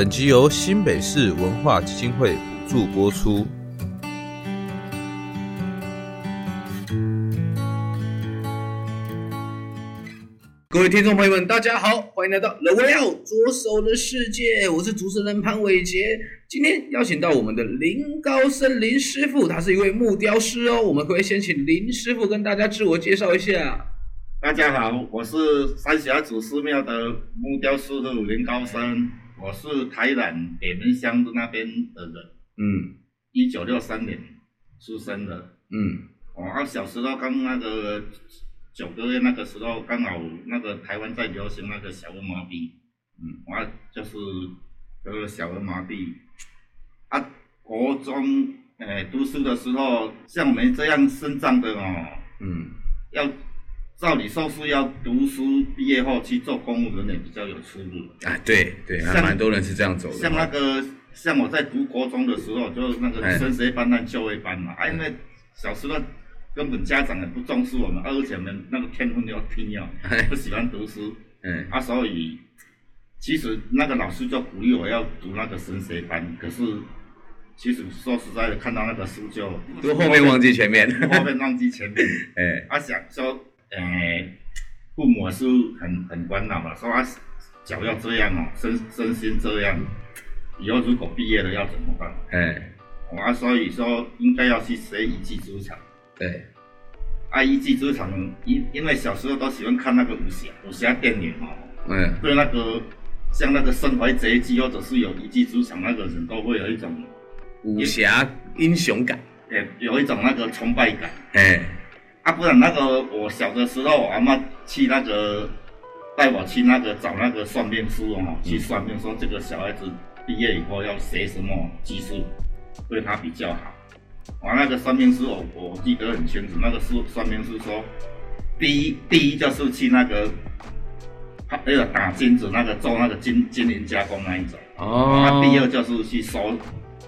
本集由新北市文化基金會補助播出。各位聽眾朋友們，大家好，歡迎來到《The Way Out 左手的視界》，我是主持人潘瑋杰。今天邀請到我們的林高生林師傅，他是一位木雕師哦。我們可以先請林師傅跟大家自我介紹一下。大家好，我是三峽祖師廟的木雕師傅林高生。我是台南北門鄉的那邊的人，嗯，一九六三年出生的，嗯，我、哦啊、小時候剛那個九個月那個時候，剛好那個台灣在流行那個小兒麻痹嗯，我、啊、就是得了小兒麻痹，啊，國中哎讀書的時候像我們這樣身障的哦，嗯，要。照理說是要讀書畢業後去做公務人員也比較有出路。哎、啊，對對，很像、啊、多人是這樣走的。像那個，像我在讀國中的時候，就是那個升學班跟就業班嘛、哎啊。因為小時候根本家長也不重視我們而且、啊、們，那個天分都要聽呀，哎、不喜歡讀書。嗯、哎，那時、啊、以，其實那個老師就鼓勵我要讀那個升學班，可是其實說實在的，看到那個書就，都後面忘記前面，後面忘記前面。 哎，阿想說。誒、欸，父母是很很煩惱嘛，說啊，腳要這樣哦、喔，身身心這樣，以後如果畢業了要怎麼辦？誒、欸，我、喔啊、所以說應該要去學一技之長。對、欸，啊，一技之長，因因為小時候都喜歡看那個武俠武俠電影哦、喔。欸、對那個像那個身懷絕技或者是有一技之長那個人，都會有一種武俠英雄感，對、欸，有一種那個崇拜感。誒、欸。啊、不然那個我小的時候，我阿媽去那個帶我去那個找那個算命師哦，去算命說，這個小孩子畢業以後要學什麼技術，對他比較好。我、啊、那個算命師，我我記得很清楚，那個師算命師說，第一第一就是去那個那個打金子，那個做那個金金銀加工那一種。哦、Oh. 啊。第二就是去收，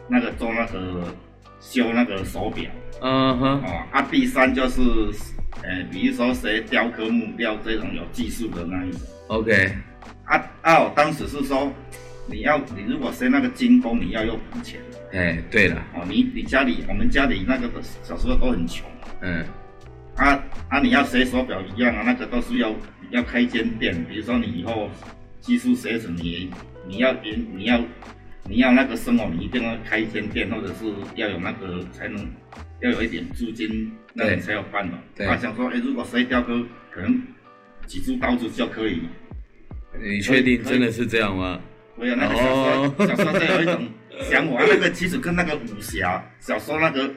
那個做那個修那個手錶。嗯哼、uh huh. 哦，阿、啊、弟三就是，誒、欸，比如說學雕刻、木雕這種有技術的那一種。OK，阿二、啊啊、當時是說，你要你如果學那個金工，你要用錢。誒、欸，對了，哦，你你家裡我們家裡那個小時候都很窮。嗯，啊啊，你要學手表一樣啊，那個都是要要開間店。比如說你以後技術學什麼你，你要贏，你要你要，你要那個生活，你一定要開間店，或者是要有那個才能。要有一點租金，那你才有辦法。他想說，哎，如果誰雕刻，可能幾支刀子就可以。你確定真的是這樣嗎？沒有那個小時候，小時候就有一種想法。那個其實，跟那個武俠小說那個，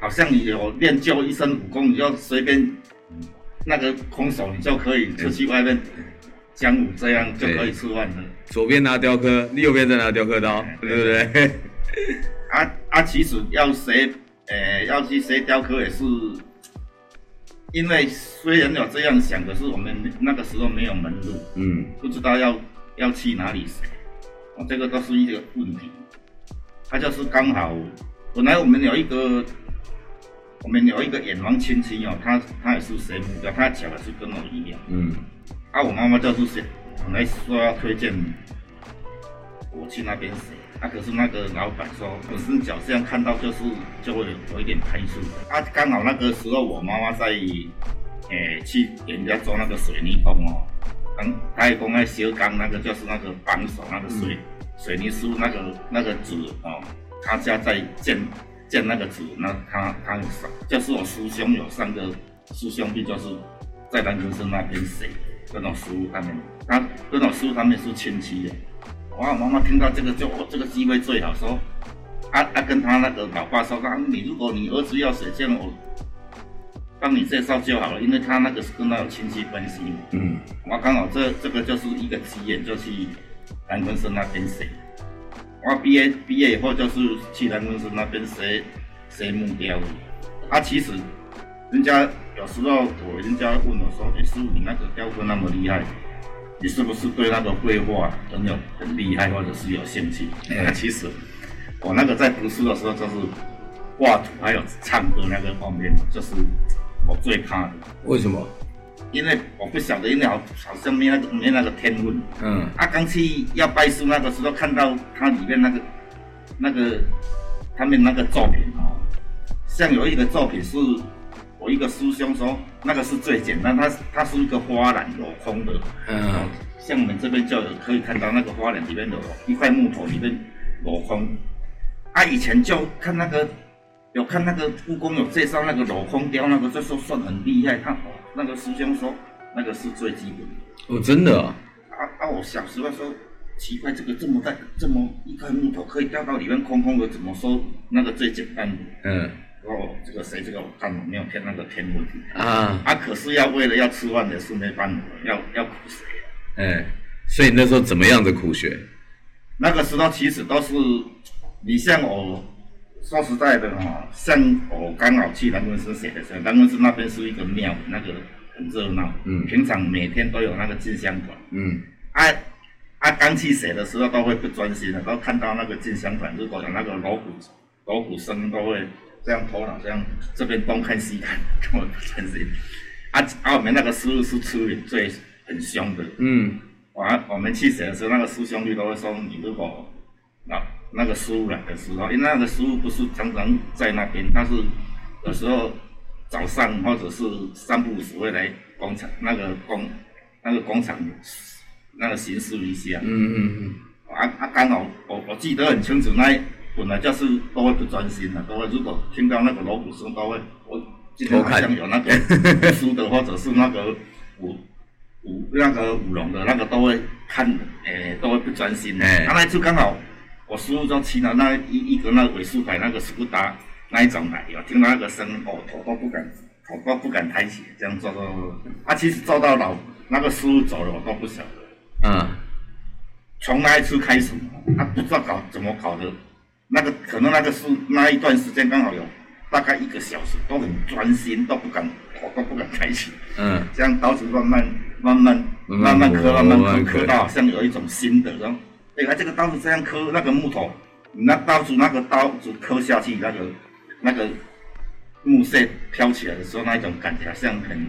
好像你有練就一身武功，你就隨便那個空手你就可以出去外面江湖，這樣就可以吃飯了。左邊拿雕刻，右邊再拿雕刻刀，對不對？啊啊，其實要誰？呃、欸，要去學雕刻也是，因為雖然有這樣想，可是我們那個時候沒有門路，嗯，不知道要要去哪裡學，啊、哦，這個都是一個問題。他就是剛好，本來我們有一個，我們有一個遠房親戚哦，他他也是學木雕，他講的是跟我一樣，嗯，啊，我媽媽就是想，本來說要推薦。我去那邊寫，啊！可是那個老闆說，可是腳這樣看到就是就會有一點排斥的。啊，剛好那個時候我媽媽在，誒、欸，去給人家做那個水泥工哦。剛、嗯、他也講，那小鋼，那個就是那個幫手，那個水、嗯、水泥師傅那個那個紙哦，他家在建建那個紙，那他他很少就是我師兄有三個師兄弟，就是在南昆山那邊寫這種師傅他們，他這種師傅他們是親戚的。我媽媽聽到這個就我、哦、這個機會最好說，說啊啊跟他那個老爸說，說、啊、你如果你兒子要寫信，我幫你介紹就好了，因為他那個是跟他有親戚關係嘛。嗯，我剛好這這個就是一個機緣，就去南鯤鯓那邊學。我畢業畢業以後就是去南鯤鯓那邊學學木雕。啊，其實人家有時候我人家問我說，欸、師傅你那個雕刻那麼厲害？你是不是對那個繪畫很有很厲害，或者是有興趣？嗯、其實我那個在讀書的時候，就是畫圖還有唱歌那個方面，就是我最怕的。為什麼？因為我不曉得，因為好好像沒那個沒那個天分。嗯。啊，剛去要拜師那個時候，看到他裡面那個那個他們那個作品哦，像有一個作品是。我一個師兄說，那個是最簡單，他他是一個花籃，鏤空的，嗯、啊，像我們這邊就有可以看到那個花籃裡面有，一塊木頭裡面鏤空。他、啊、以前就看那個，有看那個故宮有介紹那個鏤空雕那個，就說算很厲害。他、哦、那個師兄說那個是最基本的。哦，真的、哦、啊。啊我小時候說奇怪，這個這麼大，這麼一塊木頭可以雕到裡面空空的，怎麼說那個最簡單嗯。哦，這個誰？這個我看了沒有騙那個天目的啊！他、啊、可是，要為了要吃飯，也是沒辦法，要要苦學、啊。哎，所以那時候怎麼樣的苦學？那個時候其實都是，你像我說實在的哈，像我剛好去丹桂寺寫的時候，丹桂寺那邊是一個廟，那個很熱鬧。嗯，平常每天都有那個進香團。嗯，啊啊，啊剛去寫的時候都會不專心的，都看到那個進香團，如果有那個鑼鼓鑼鼓聲都會。這樣頭腦這樣，這邊東看西看，根本不專心。啊，澳、啊、門那個師傅是出名最很凶的。嗯，我、啊、我們去寫的時候，那個師兄弟都都會說：“你如果那那個師傅來的時候，因為那個師傅不是常常在那邊，但是有時候早上或者是三不五時會來廣場那個廣那個廣場那個形式一些。”嗯嗯嗯，啊啊，剛、啊、好我我記得很清楚那。本來就是都會不專心的、啊，都會，如果聽到那個鑼鼓聲，都會，我今天好像有那個書的或者是那個舞 舞，舞那個舞龍的那個都會看，誒、欸、都會不專心的、啊。他來就剛好我師傅就騎了那一一個那個韋素海那個書搭那一種來，有聽到那個聲、哦，我頭都不敢，我都不敢抬起，這樣做到，嗯、啊其實做到老那個師傅走了，我都不曉得。嗯，從那一次開始，他、啊、不知道搞怎麼搞的。那個可能那個是那一段時間剛好有大概一個小時，都很專心，都不敢，哦、都不敢開始。嗯，這樣刀子慢慢慢慢慢慢刻，慢慢刻刻、嗯、到，好像有一種心得。然後，原來、啊、這個刀子這樣刻那個木頭，你那刀子那個刀子刻下去，那個那個木屑飄起來的時候，那一種感覺好像很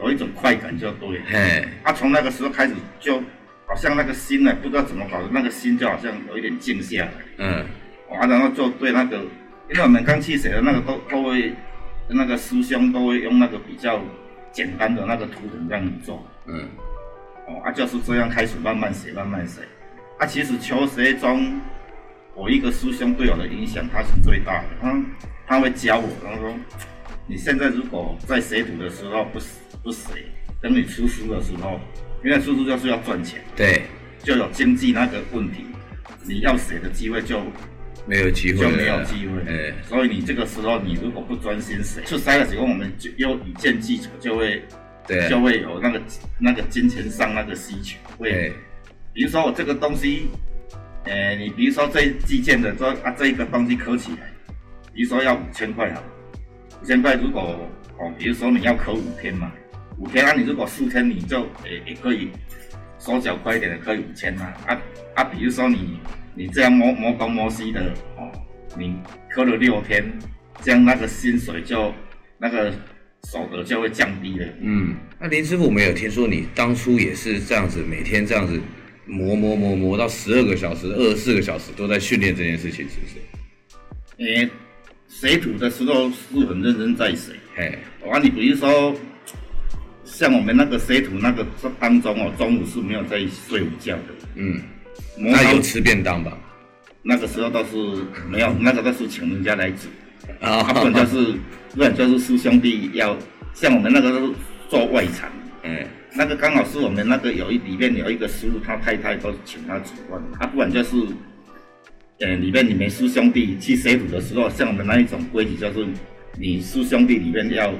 有一種快感，就對。嘿，他、啊、從那個時候開始，就好像那個心呢，不知道怎麼搞的，那個心就好像有一點靜下來。嗯。哦、啊，然後就對那個，因為我們剛去學的那個都都會，那個師兄都會用那個比較簡單的那個圖騰讓你做，嗯，哦，啊就是這樣開始慢慢學慢慢學，啊其實求學中，我一個師兄對我的影響他是最大的，他、嗯、他會教我，他說你現在如果在學徒的時候不不學，等你出師的時候，因為出師就是要賺錢，對，就有經濟那個問題，你要學的機會就。沒有機會，就沒有機會，啊、所以你這個時候你如果不專心，出師的時候我們就又一見記者就會，對、啊，就會有那個那個金錢上那個需求，會、啊，對比如說我這個東西，呃、你比如說這計件的這，啊，這一個東西刻起來，比如說要五千塊啊，五千塊如果哦，比如說你要刻五天嘛，五天啊，你如果四天你就哎也、呃呃、可以，手腳快一點，的刻五千吶、啊！啊啊，比如說你，你這樣磨磨東磨西的哦，你刻了六天，這樣那個薪水就那個所得就會降低了。嗯，那林師傅，沒有聽說你當初也是這樣子，每天這樣子磨磨磨磨到十二個小時、二十四個小時都在訓練這件事情，是不是？你、欸、學徒的時候是很認真在學。嘿，我、啊、你，比如說。像我們那個學徒那個當中哦、喔，中午是沒有在睡午覺的。嗯，托那有吃便當吧？那個時候倒是沒有，那個時候倒是請人家來煮。啊，他、啊、不管就是、啊、不管就是師兄弟要、嗯、像我們那個是做外場，哎、嗯，那個剛好是我們那個有一裡面有一個師傅，他太太都請他煮飯。他、啊、不管就是，哎、欸，裡面你們師兄弟去學徒的時候，像我們那一種規矩就是，你師兄弟裡面要。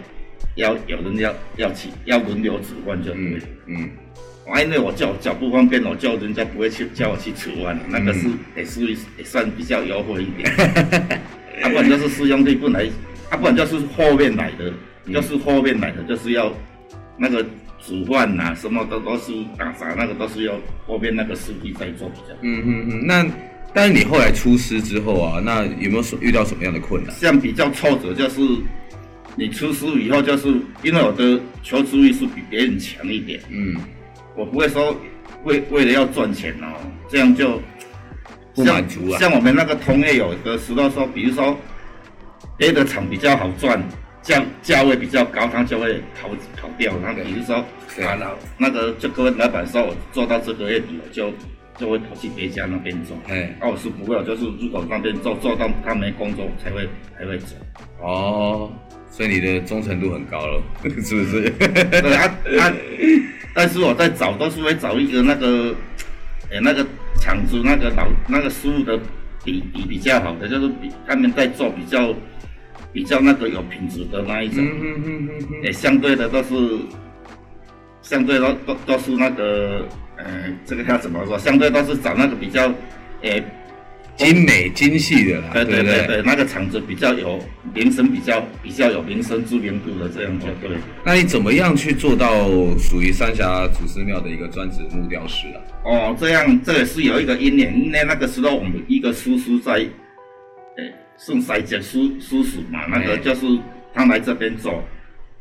要有人要要去要輪流煮飯，就對了。嗯，我、嗯啊、因為我腳腳不方便，我叫人家不會去叫我去煮飯，那個是也是、嗯、也算比較優惠一點。哈哈哈。啊，不然就是師兄弟不來， 啊，不然就是後面來的，嗯、就是後面來的就是要那個煮飯吶，什麼都都是打雜，那個都是要後面那個師弟在做比較。嗯嗯嗯，那但是你後來出師之後啊，那有沒有遇到什麼樣的困難？像比較挫折就是。你出師以後，就是因為我的求知慾比別人強一點。嗯，我不會說為為了要賺錢哦、喔，這樣就不滿足了、啊。像我們那個同業，有的時候說，比如說 A 的廠比較好賺，價價位比較高，他就會跑跑掉那個。然後比如說，是啊對，那個這個老闆說，我做到這個月底我就就會跑去別家那邊做。哎、欸，哦，啊、是不會，就是如果那邊做做到他沒工作我才會才會走。哦。對你的忠誠度很高了，是不是？對啊，啊！但是我在找，都是會找一個那個，哎、欸，那個廠子那個老那個師傅的比比比較好的，就是比他們在做比較比較那個有品質的那一種，也、嗯欸、相對的都是，相對的都都都是那個，哎、呃，這個要怎麼說？相對都是找那個比較，哎、欸。精美精細的對，對對對對，對對，那個廠子比較有名聲，比較比較有名聲知名度的這樣對、哦，那你怎麼樣去做到屬於三峽祖師廟的一個專職木雕師啊？哦，這樣這也是有一個、嗯、因緣，那那個時候我們一個叔叔在，哎、欸，送三姐叔叔叔嘛，嗯、那個就是他來這邊做，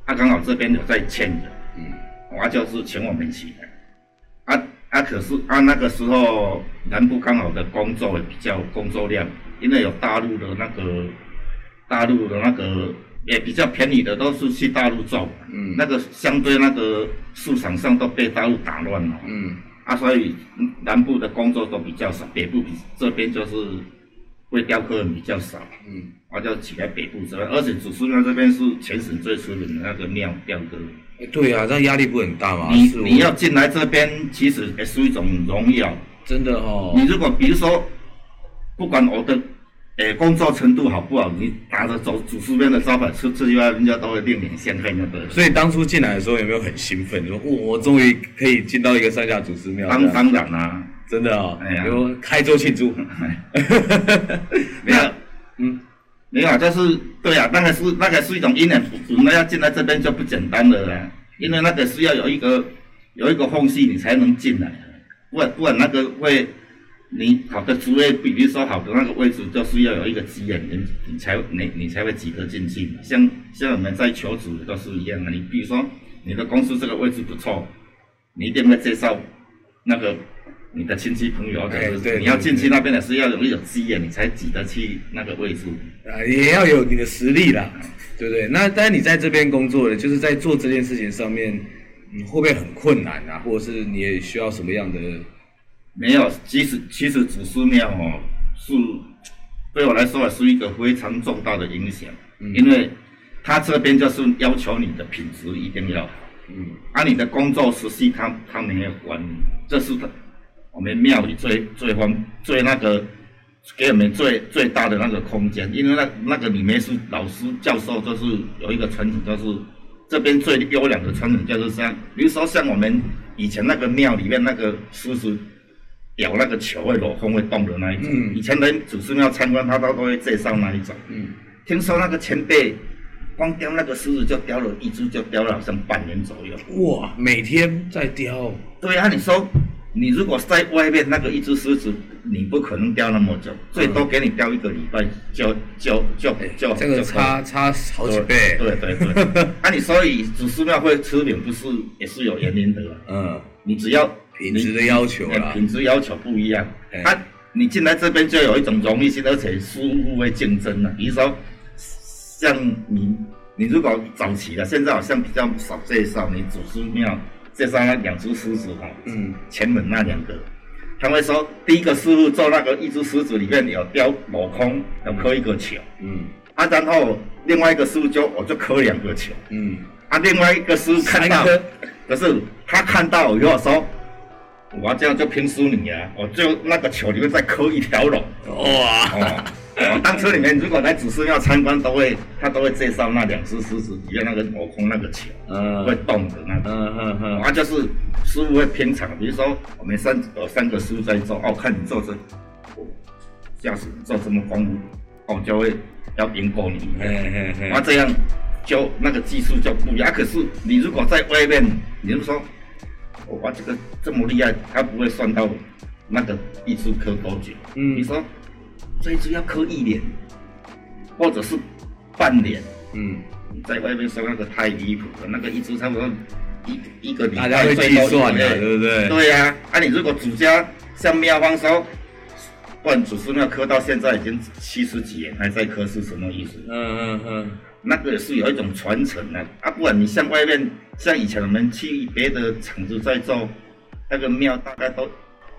他剛好這邊有在欠人，嗯，我、哦啊、就是請我們一起來。可是按、啊、那個時候南部剛好的工作也比較工作量，因為有大陸的那個，大陸的那個也比較便宜的都是去大陸做，嗯、那個相對那個市場上都被大陸打亂了，嗯、啊，所以南部的工作都比較少，北部比這邊就是會雕刻的比較少，我、嗯啊、就起來北部這邊，而且主要是這邊是全省最出名的那個廟雕刻。哎，對呀、啊，這壓力不很大嗎你？你要進來這邊，其實也是一種榮耀、哦，真的哦。你如果比如說，不管我的誒工作程度好不好，你打着走祖師廟的招牌，出這些，人家都會另眼相看的。所以當初進來的時候，有沒有很興奮？說，我終於可以進到一個三峽祖師廟。當當然啦，真的哦，哎呀、啊，比如說開桌慶祝。 沒有，啊、嗯，沒有、啊，但、就是。對呀、啊，那個是那個是一種因緣，你那要進來這邊就不簡單了了、啊，因為那個是要有一個有一個縫隙你才能進來，不然不然那個會，你好的職位，比如說好的那個位置，就是要有一個機會、啊，你你才你你才會擠得進去嘛。像像我們在求職都是一樣的、啊，你比如說你的公司這個位置不錯，你一定要介紹那個。你的親戚朋友、哎，對對，對，你要進去那邊的是要有一種資源，你才擠得去那個位置。啊，也要有你的實力啦，對不對？那在你在這邊工作的，就是在做這件事情上面，你、嗯、會不會很困難啊？或者是你也需要什麼樣的？嗯、沒有，其實其實祖師廟哦，是對我來說啊，是一個非常重大的影響，嗯、因為他這邊就是要求你的品質一定要好，嗯，而、啊、你的工作實際，他他沒有管，這是他。我們廟裡最最方最那個給我們最最大的那個空間，因為那那個裡面是老師教授、就是，都是有一個傳統，就是這邊最優良的傳統，就是像比如說像我們以前那個廟裡面那個獅子叼那個球會鏤空會動的那一種，嗯、以前來祖師廟參觀，他都都會介紹那一種。嗯，聽說那個前輩光雕那個獅子就雕了一隻，就雕了好像半年左右。哇，每天在雕。對啊，你說。你如果在外面那個一隻獅子，你不可能雕那麼久，最多給你雕一個禮拜，就就就就就差就差好幾倍，對對對。那 啊、你所以祖師廟會吃餅，不是也是有原因的？嗯，你只要品質的要求了、欸，品質要求不一樣。他、欸啊、你進來這邊就有一種榮譽性，而且相互會競爭了、啊。比如說，像你，你如果早期了，現在好像比較少介紹你祖師廟。這三兩只獅子哈，嗯，前門那兩個，嗯、他們說第一個師傅做那個一只獅子裡面有雕鏤空，要刻一個球。嗯，嗯啊，然後另外一個師傅就我就刻兩個球。嗯，啊，另外一個師傅看到，可是他看到我以後說，嗯、我這樣就拼輸你啊。我就那個球裡面再刻一條龍，哇。哦我當初裡面，如果來祖師廟參觀，都會他都會介紹那兩隻獅子，裡面那個鏤空那個球，嗯、會動的那個、嗯。嗯嗯嗯。嗯啊、就是師傅會偏場，比如說我們三有三個師傅在做，哦，看你做這個，駕駛做這麼功夫，哦，就會要贏過你。嗯嗯嗯。這樣就、嗯、那個技術就不一樣。啊、可是你如果在外面，比如說我、哦啊、這個這麼厲害，他不會算到那個一隻科高舉。嗯。你說。這一株要刻一年，或者是半年。嗯，你在外面收那個太離譜了，那個一株差不多一一,一個禮拜最多一、啊算啊，對不對？對呀、啊，那、啊、你如果主家像廟方說，萬祖師廟刻到現在已經七十幾年，還在刻，是什麼意思？嗯嗯嗯，啊啊、那個也是有一種傳承吶、啊，啊，不然你像外面，像以前我們去別的廠子在做，那個廟大概都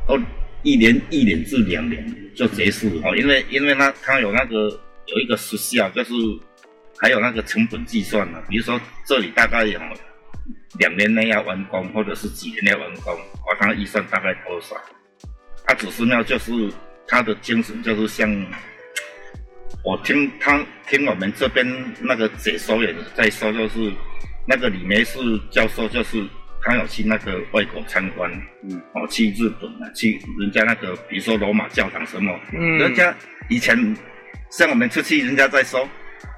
都一年一年至兩年。就結束了哦，因為因為那他,他有那個有一個時效，就是還有那個成本計算呢、啊。比如說這裡大概有兩年內要完工，或者是幾年內要完工，我、啊、看預算大概多少。他祖師廟就是他的精神，就是像我聽他聽我們這邊那個解說員在說，就是那個李梅樹教授，就是。他有去那個外國參觀，哦、嗯喔，去日本啊，去人家那個，比如說羅馬教堂什麼，嗯、人家以前像我們出去，人家在說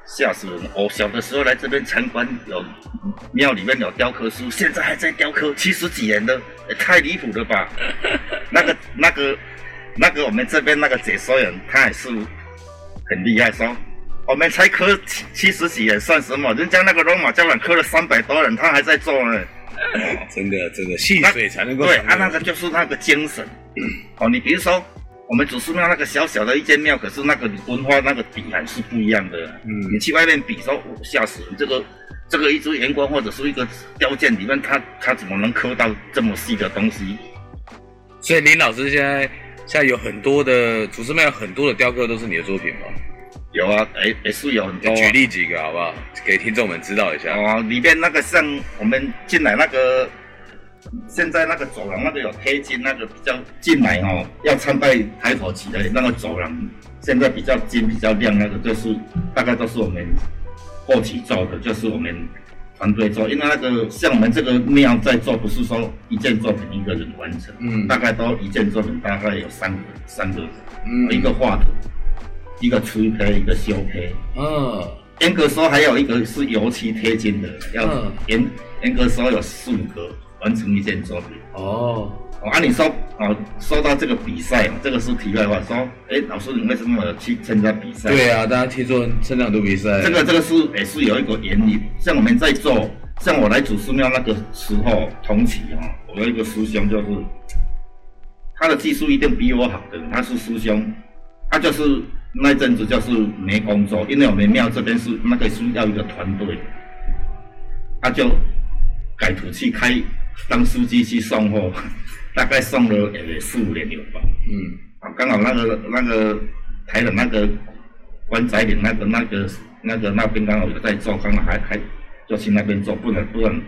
嚇死人。我小的時候來這邊參觀有，有廟裡面有雕刻師，師現在還在雕刻，七十幾年的、欸，太離譜了吧？那個那個那個，那個那個、我們這邊那個解說人，他也是很厲害說，說我們才刻七,七十幾年算什麼？人家那個羅馬教堂刻了三百多人，他還在做呢。 真的，這個細水才能夠對，啊，那個就是那個精神、嗯、哦。你比如說，我們祖師廟那個小小的一間廟，可是那個文化那個底還是不一樣的、啊。嗯，你去外面，比說，嚇死人、這個，這個這個一支圓光或者是一個雕件，裡面它它怎麼能刻到這麼細的東西？所以林老師現在現在有很多的祖師廟，很多的雕刻都是你的作品嗎？有啊，哎、欸，也是有很多、啊。舉例幾個好不好？給聽眾們知道一下。哦、啊，裡邊那個像我們進來那個，現在那個走廊那個有貼金，那個比較進來哦，要參拜抬頭起來那個走廊，現在比較金比較亮那個，就是大概都是我們過去做的，就是我們團隊做，因為那個像我們這個廟在做，不是說一件作品一個人完成，嗯，大概都一件作品大概有三個三個人，嗯，一個畫圖。一個粗胚，一個修胚。嗯。嚴格說，還有一個是油漆貼金的。嗯。嚴嚴格說，有四五個完成一件作品。哦、oh. 啊。我按你說，哦、啊，說到這個比賽、啊，這個是題外話。說，哎、欸，老師，你為什麼去參加比賽、啊？對啊，大家去做參加比、啊、這比、個、賽。這個這個是也是有一個原理，像我們在做，像我來祖師廟那個時候，同期啊，我有一個師兄，就是他的技術一定比我好的，他是師兄，他就是。那陣子就是沒工作，因為我們廟這邊是那個需要一個團隊，他就改土器開當司機去送貨，大概送了也四五年有吧。嗯、啊，剛好那個那個台的那個灣仔里那個那個、那個、那個那邊剛好有在做，剛好還還就去那邊做，不然不然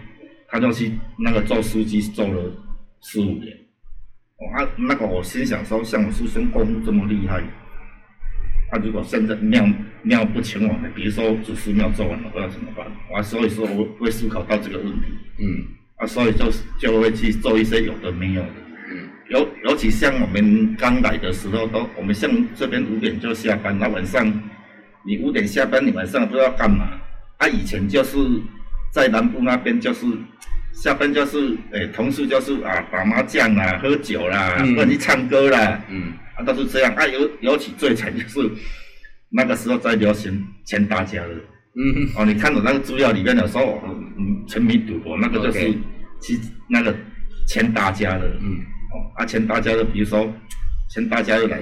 他就去那個做司機做了四五年。我、啊、那個我心想說，像我叔先公這麼厲害。他、啊，如果現在廟廟不請我了，比如說祖師廟做完了，我要怎麼辦？我、啊，所以說我會，會思考到這個問題，嗯，啊，所以就就會去做一些有的沒有的，嗯、尤尤其像我們剛來的時候，都我們像這邊五點就下班，那晚上你五點下班，你晚上不知道幹嘛？啊，以前就是在南部那邊就是，下班就是，哎、欸，同事就是啊，打麻將啦，喝酒啦，或者，嗯、去唱歌啦，嗯、啊，都是這樣。啊，尤尤其最慘就是，那個時候在流行簽大家樂。嗯，哦，你看到那個資料裡面有說，嗯嗯、沉迷賭博那個就是 Okay 其那個簽大家樂。嗯，哦，啊，簽大家樂，比如說簽大家樂來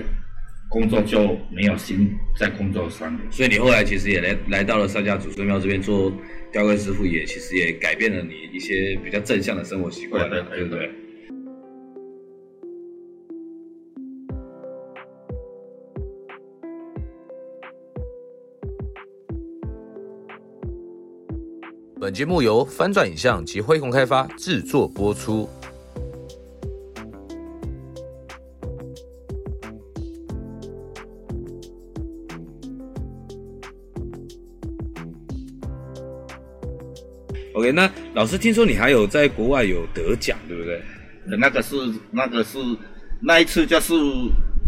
工作就沒有心在工作上，所以你後來其實也來來到了三峽祖師廟這邊做雕刻師傅也，也其實也改變了你一些比較正向的生活習慣，對對對。對對對。本節目由翻轉影像及輝控開發製作播出。喂，那老師聽說你還有在國外有得獎，對不對？那個是那個是那一次就是，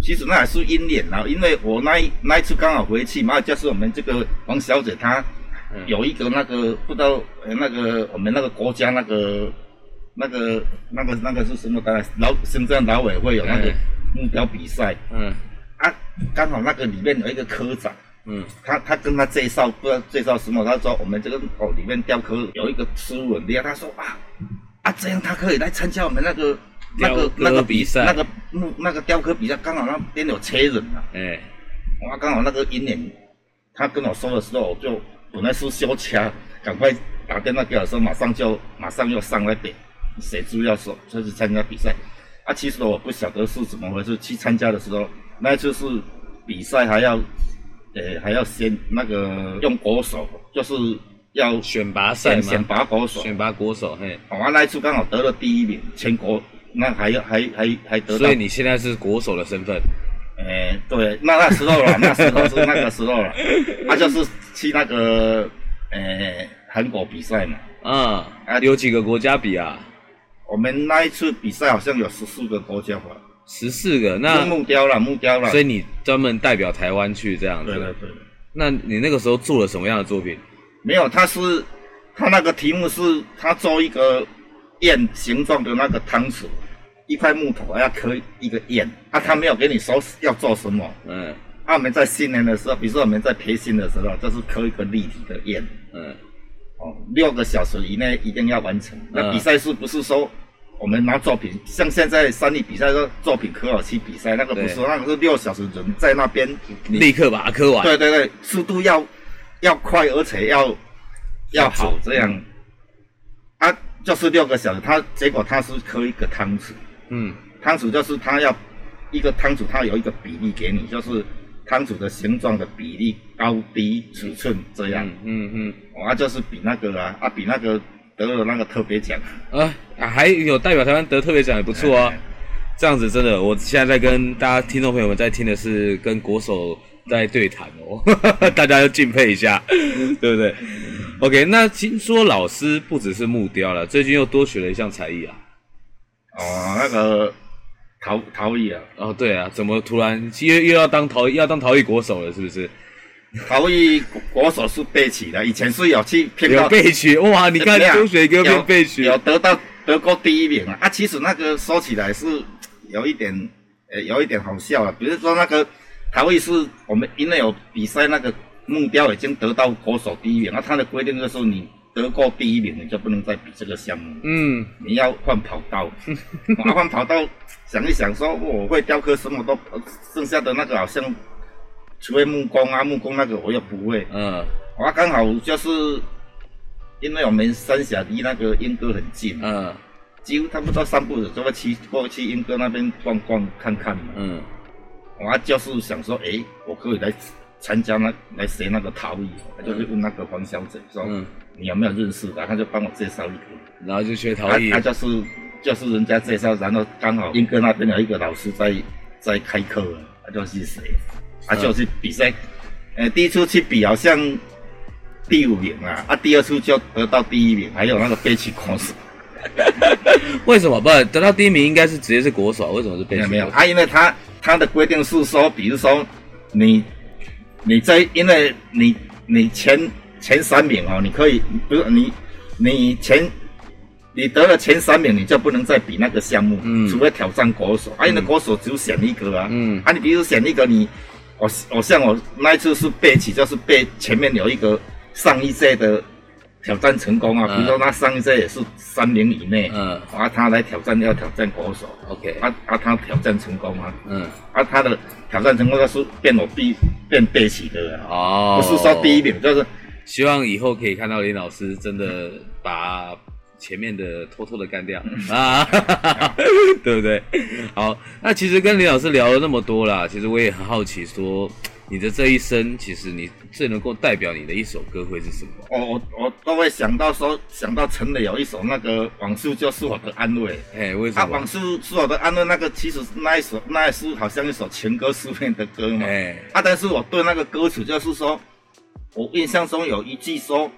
其實那還是應景了，因為我那那一次剛好回去嘛，就是我們這個王小姐她有一個那個、嗯、不知道那個我們那個國家那個那個那個、那個、那個是什麼的老新疆勞委會有那個木雕比賽，嗯，啊剛好那個裡面有一個科長。嗯，他他跟他介紹不知道介紹什麼，他說我們這個哦裡面雕刻有一個吃穩的，他說啊啊這樣他可以來參加我們那個雕歌 那個那個比賽那個、嗯、那個雕刻比賽，剛好那邊有車人嘛、啊。哎、欸，哇，剛好那個一年，他跟我說的時候，我就本來是休假，趕快打電話給我的時候，馬上就馬上要上來點，誰知，知道說要去、就是、參加比賽，啊，其實我不曉得是怎麼回事。去參加的時候，那就是比賽還要。呃、欸，還要先那個用國手，就是要選拔賽嘛，選拔國手，選拔國手，嘿，我、哦啊、那一次剛好得了第一名，全國那還要還還還得，所以你現在是國手的身份，哎、欸，對，那那時候了，那時候是那個時候了，他、 啊、就是去那個呃、欸、韓國比賽嘛，嗯、啊，啊，有幾個國家比啊，我們那一次比賽好像有十四個國家吧。十四個，那是目標了，目標了。所以你專門代表台灣去這樣子。對對，對，對。那你那個時候做了什麼樣的作品？沒有，他是他那個題目是，他做一個雁形狀的那個湯匙，一塊木頭，要刻一個雁。啊，他沒有給你說要做什麼。嗯。啊，我們在新年的時候，比如說我們在培訓的時候，這、就是刻一個立體的雁。嗯。哦，六個小時以內一定要完成。那比賽是不是說？嗯我們拿作品，像現在三 D 比賽的作品刻了去比賽，那個不是，對那個是六小時人在那邊你立刻把它刻完。對對對，速度要要快，而且要要好這樣。嗯、啊，就是六個小時，他結果他是刻一個湯匙。嗯。湯匙就是他要一個湯匙，他有一個比例給你，就是湯匙的形狀的比例、高低、尺寸這樣。嗯嗯。嗯嗯啊，就是比那個啊啊比那個。得了那個特別獎啊，啊，啊，還有代表台灣得特別獎也不錯哦，啊。哎哎哎這樣子真的，我現在在跟大家聽眾朋友們在聽的是跟國手在對談哦， 大家要敬佩一下， 對不對？OK，那聽說老師不只是木雕了，最近又多學了一項才藝啊。哦，那個陶陶藝啊。哦，對啊，怎麼突然又又要當陶藝，要當陶藝國手了，是不是？台裔國手是背曲的，以前是有去。有背曲哇！你看周、啊、水哥被背曲，有得到得過第一名啊！啊，其實那個說起來是有一點，呃、欸，有一點好笑了、啊。比如說那個陶藝是我們因為有比賽那個目標已經得到國手第一名，那、啊、他的規定就是你得過第一名你就不能再比這個項目。嗯，你要換跑道 啊，換跑道想一想說我會雕刻什麼都？都剩下的那個好像。除非木工啊，木工那個我又不會。嗯，我剛、啊、好就是，因為我們三峽離那個鶯歌很近。嗯，幾乎他不知道散步子就會去過去鶯歌那邊逛逛看看嘛。嗯，我、啊、就是想說，哎、欸，我可以來參加那來學那個陶藝、嗯啊。就是問那個黃小姐說，嗯，你有沒有認識的、啊？他就幫我介紹一個。然後就學陶藝。他、啊啊、就是就是人家介紹，然後剛好鶯歌那邊有一個老師在在開課，他、啊、就是誰？啊，就是比賽，呃、嗯，第一次去比好像第五名啊，啊，第二次就得到第一名，還有那個備取國手， 為什麼不是得到第一名？應該是直接是國手，為什麼是備取沒有，沒有啊、因為他他的規定是說，比如說你你在，因為你你前前三名哦，你可以，比如你你前你得了前三名，你就不能再比那個項目，嗯、除非挑戰國手，啊，因為國手只有選一個啊，嗯，啊，你比如選一個你。我我像我那一次是背起，就是背前面有一個上一屆的挑戰成功啊，比如說那上一屆也是三年以內，嗯，然後他來挑戰要挑戰國手，OK，啊，啊啊他挑戰成功啊，嗯，啊他的挑戰成功那是變我必變背起的哦、啊，不是說第一名，就是希望以後可以看到林老師真的把。前面的偷偷的幹掉、嗯、啊，哈哈哈， 對不對？好，那其實跟林老師聊了那麼多啦，其實我也很好奇說，說你的這一生，其實你最能夠代表你的一首歌會是什麼？哦，我我都會想到說，想到陳雷有一首那個往事，往事就是我的安慰，哎、欸，為什麼？啊，往事是我的安慰，那個其實是那一首那一首好像一首情歌詩片的歌嘛，哎、欸，啊，但是我對那個歌詞就是說，我印象中有一句說。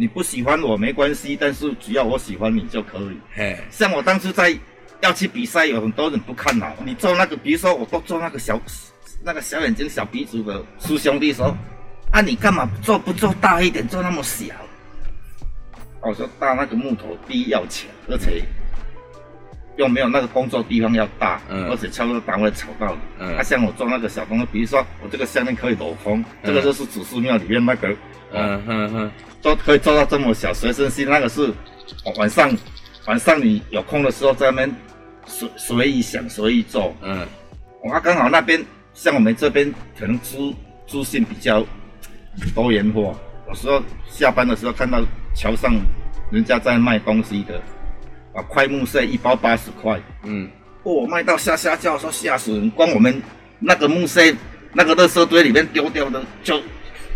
你不喜歡我沒關係，但是只要我喜歡你就可以。嘿，像我當初在要去比賽，有很多人不看好。你做那個，比如說我做做那個小那個小眼睛小鼻子的師兄弟說：“啊，你幹嘛做不做大一點，做那麼小？”啊、我說大那個木頭第一要錢，而且又沒有那個工作地方要大，嗯、而且操作單位吵到你。嗯、啊，像我做那個小東西，比如說我這個下面可以鏤空，這個就是祖師廟裡面那個。嗯哼哼，做、哦、可以做到這麼小學生心，那個是、哦、晚上晚上你有空的時候在那邊隨隨意想隨意做。嗯，我剛、哦啊、好那邊像我們這邊可能租資金比較多元化，有時候下班的時候看到橋上人家在賣東西的，啊，快木屑一包八十塊。嗯，我、哦、賣到嚇嚇叫說嚇死人，光我們那個木屑，那個垃圾堆裡面丟掉的就，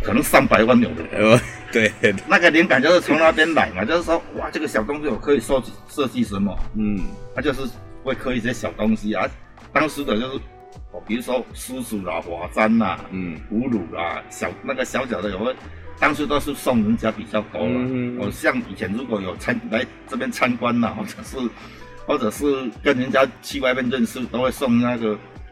可能上百萬有的，對，那個靈感就是從那邊來嘛，就是說，哇，這個小東西我可以設設計什麼？嗯，他就是會刻一些小東西啊。當時的就是，哦，比如說獅子啊、華山啦、啊，嗯、葫蘆啊、小那個小小的也會，當時都是送人家比較多了。我像以前如果有參來這邊參觀啦，或者是，或者是跟人家去外面認識，都會送那個。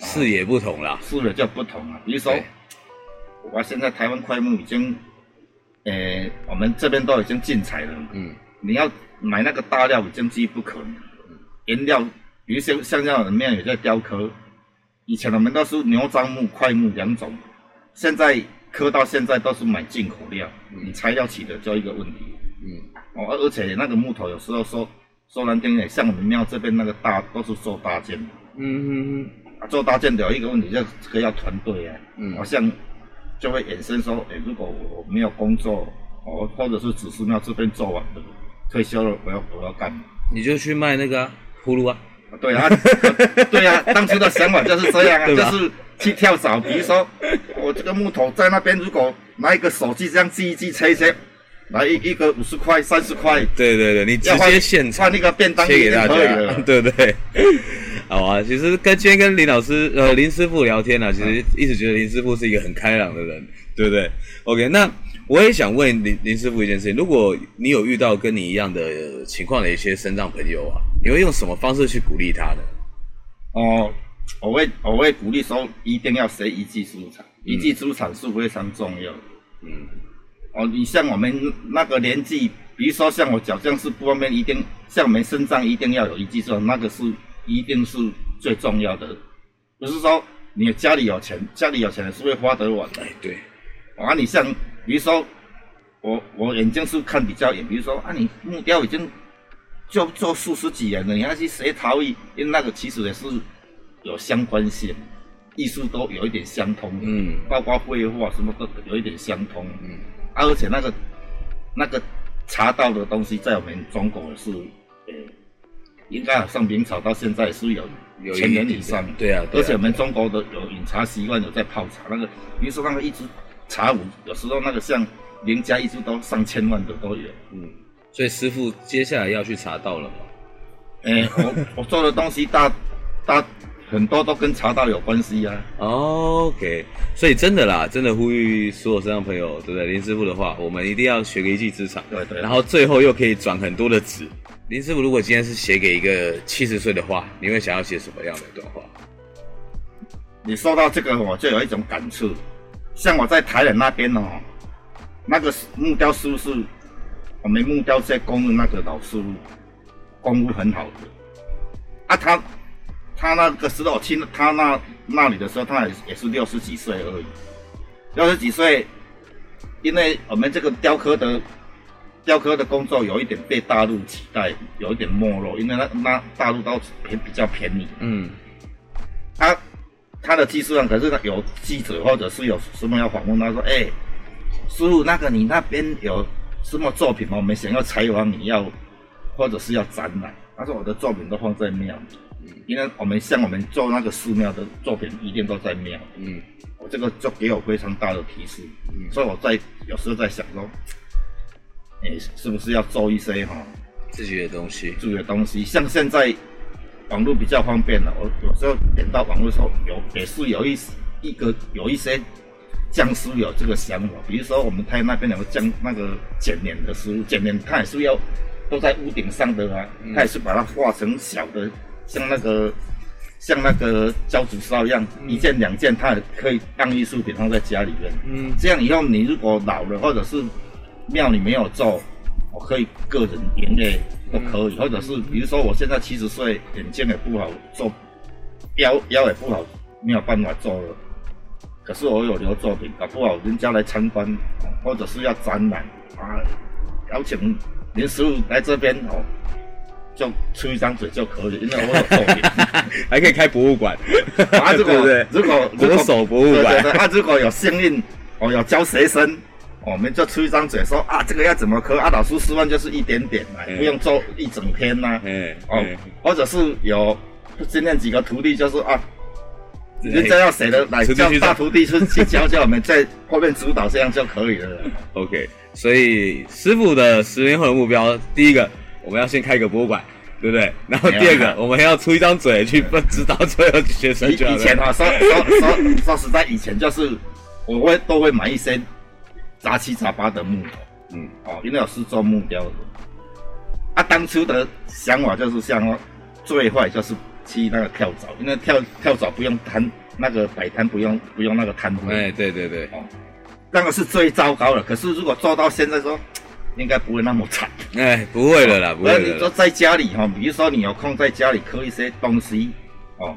視野、哦、不同了，視野就不同了。比如說，唉我現在台灣檜木已經，呃、欸、我們這邊都已經禁採了。嗯，你要買那個大料已經幾乎不可能。嗯、原料，有些像那的廟也在雕刻，以前我們都是牛樟木、檜木兩種，現在刻到現在都是買進口料，嗯、你材料起的就一個問題。嗯，哦，而且那個木頭有時候說說難聽點，像我們廟這邊那個大都是做大件的。嗯嗯嗯。做搭建的一個問題，就是要團隊啊，嗯，好、啊、像就會衍生說，哎、欸，如果我沒有工作，哦，或者是祖師廟這邊做完，退休了，我要我要幹嘛，你就去賣那個葫蘆啊,啊，對啊，對啊， 當初的想法就是這樣啊，吧就是去跳蚤，比如說我這個木頭在那邊，如果拿一個手機這樣記一記，拆一拆，拿一寄一個五十塊、三十塊，對對對，你直接換一個便當給他就可以了，對對,對。好啊，其實跟今天跟林老師，呃，林師傅聊天呢、啊，其實一直覺得林師傅是一個很開朗的人，對不對？OK，那我也想問林林師傅一件事情：如果你有遇到跟你一樣的情況的一些身障朋友啊，你會用什麼方式去鼓勵他呢？哦，我會我會鼓勵說，一定要學一技之長，嗯、一技之長是非常重要嗯，哦，你像我們那個年紀，比如說像我腳這樣是不方便，一定像我們身障，一定要有一技之長那個是。一定是最重要的，不是說你家裡有錢，家裡有錢也是會花得完的。對，啊，你像，比如說，我我眼睛是看比較遠，比如說啊，你木雕已經做做數十幾年了，你還去學陶藝，因為那個其實也是有相關性，藝術都有一點相通，嗯，包括繪畫什麼都有一點相通，嗯、啊，而且那個那個茶道的東西在我們中國也是，嗯。應該好像明朝到現在是有千年以上，年以上對，對啊。對啊，而且我們中國的有飲茶習慣，有在泡茶，啊啊啊啊、那個，比如說，那個一支茶壺有時候那個像名家一支都上千萬的都有。嗯，所以師傅接下來要去茶道了嘛？哎、欸，我我做的東西大 大，大很多都跟茶道有關係啊。Oh, OK，所以真的啦，真的呼籲所有身障的朋友，對不對？林師傅的話，我們一定要學個一技之長。對對。對，然後最後又可以賺很多的資。林師傅，如果今天是寫給一個七十歲的話，你會想要寫什麼樣的一段話？你說到這個，我就有一種感觸。像我在台南那邊哦，那個木雕師傅是，我們木雕在工的那個老師，功夫很好的。啊，他他那個時候去他那那裡的時候，他也也是六十幾歲而已。六十幾歲，因為我們這個雕刻的。雕刻的工作有一點被大陸取代，有一點沒落，因為那那大陸都便比較便宜。嗯，他他的技術上可是有記者或者是有什麼要訪問，他說：“哎、欸，師傅，那個你那邊有什麼作品嗎？我們想要採訪你要，或者是要展覽。”他說：“我的作品都放在廟裡，嗯，因為我們像我們做那個寺廟的作品，一定都在廟，嗯，我這個就給我非常大的提示，嗯，所以我在有時候在想說……哎、欸，是不是要做一些哈、哦、自己的東西？自己的東西，像現在網絡比較方便了，我有時候點到網絡時候有也是有一一個有一些匠師有這個想法，比如說我們台那邊有個匠那個剪黏的師傅，剪黏他也是要都在屋頂上的啊，他、嗯、也是把它畫成小的，像那個像那個交趾燒一樣，嗯、一件兩件，他也可以當藝術品放在家裡面。嗯，這樣以後你如果老了或者是。廟裡沒有做，我可以個人營業都可以，嗯、或者是比如說我現在七十歲，眼睛也不好做，做腰腰也不好，沒有辦法做了。可是我有留作品，搞、啊、不好人家來參觀、啊，或者是要展覽啊，邀請林師傅來這邊哦、啊，就出一張嘴就可以，因為我有作品， 還可以開博物館，他、 啊、如果對對對，如果手博物館，他、啊、如果有幸運我、啊、有教學生。哦、我們就出一張嘴說啊，這個要怎麼刻？阿、啊、老師示範就是一點點嘛，欸、不用做一整天吶、啊。嗯、欸，哦，欸、或者是有今天幾個徒弟，就是啊，人家要誰的來教大徒弟，徒弟去去教教我們，在後面指導這樣就可以了。 OK，所以師傅的十年後的目標，第一個我們要先開一個博物館，對不對？然後第二個我們要出一張嘴去指導最後學生就。以前啊，說說說說實在，以前就是我會都會滿一身。雜七雜八的木頭，嗯，哦、喔，因為我是做木雕的，啊，當初的想法就是想，最壞就是去那個跳蚤。因為跳跳蚤不用攤那個擺攤，不用不用那個攤位，欸，對對對，哦、喔，那個是最糟糕的。可是如果做到現在說，應該不會那麼慘，哎、欸，不會了啦，不會那、喔、你說在家裡哈、喔，比如說你有空在家裡刻一些東西，哦、喔，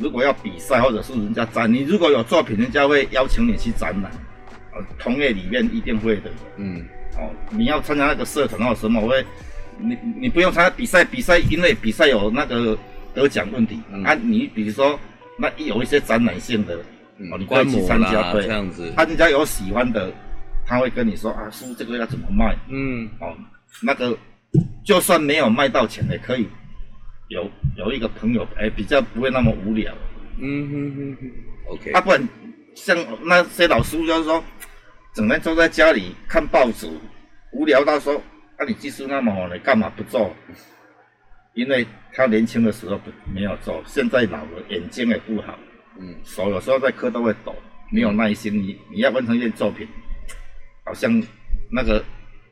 如果要比賽或者是人家展，你如果有作品，人家會邀請你去展覽。呃，同業裡面一定會的，嗯，哦，你要參加那個社團或什麼我會，你你不用參加比賽，比賽因為比賽有那個得獎問題，嗯、啊，你比如說那有一些展覽性的，哦、嗯，你可以去參加，對，這樣子。他人、啊、家有喜歡的，他會跟你說啊，師傅這個要怎麼賣，嗯，哦，那個就算沒有賣到錢也可以有，有有一個朋友，哎、欸，比較不會那麼無聊，嗯嗯嗯嗯，OK，啊，不然像那些老師就是說。整天坐在家裡看報紙，無聊到說：“那、啊、你技術那麼好，你幹嘛不做？”因為他年輕的時候沒有做，現在老了，眼睛也不好，嗯，手有時候在刻都會抖，沒有耐心。你你要完成一件作品，好像那個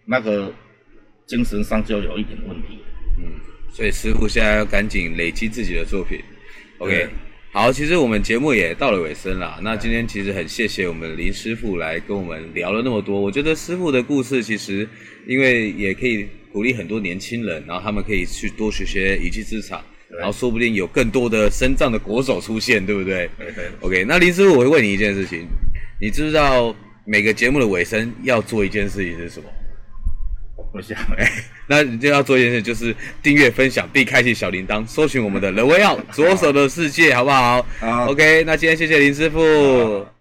那個精神上就有一點問題。嗯，所以師傅現在要趕緊累積自己的作品。嗯、OK。好，其實我們節目也到了尾聲了。那今天其實很謝謝我們林師傅來跟我們聊了那麼多。我覺得師傅的故事其實，因為也可以鼓勵很多年輕人，然後他們可以去多學學一技之長，對吧？然後說不定有更多的身障的國手出現，對不對？對、對、對。OK，那林師傅，我會問你一件事情，你知不知道每個節目的尾聲要做一件事情是什麼？我想哎、欸，那你就要做一件事，就是訂閱、分享並開啟小鈴鐺，搜尋我們的 “The Way Out 左手的視界”，好，好不好，好？OK，那今天謝謝林師傅。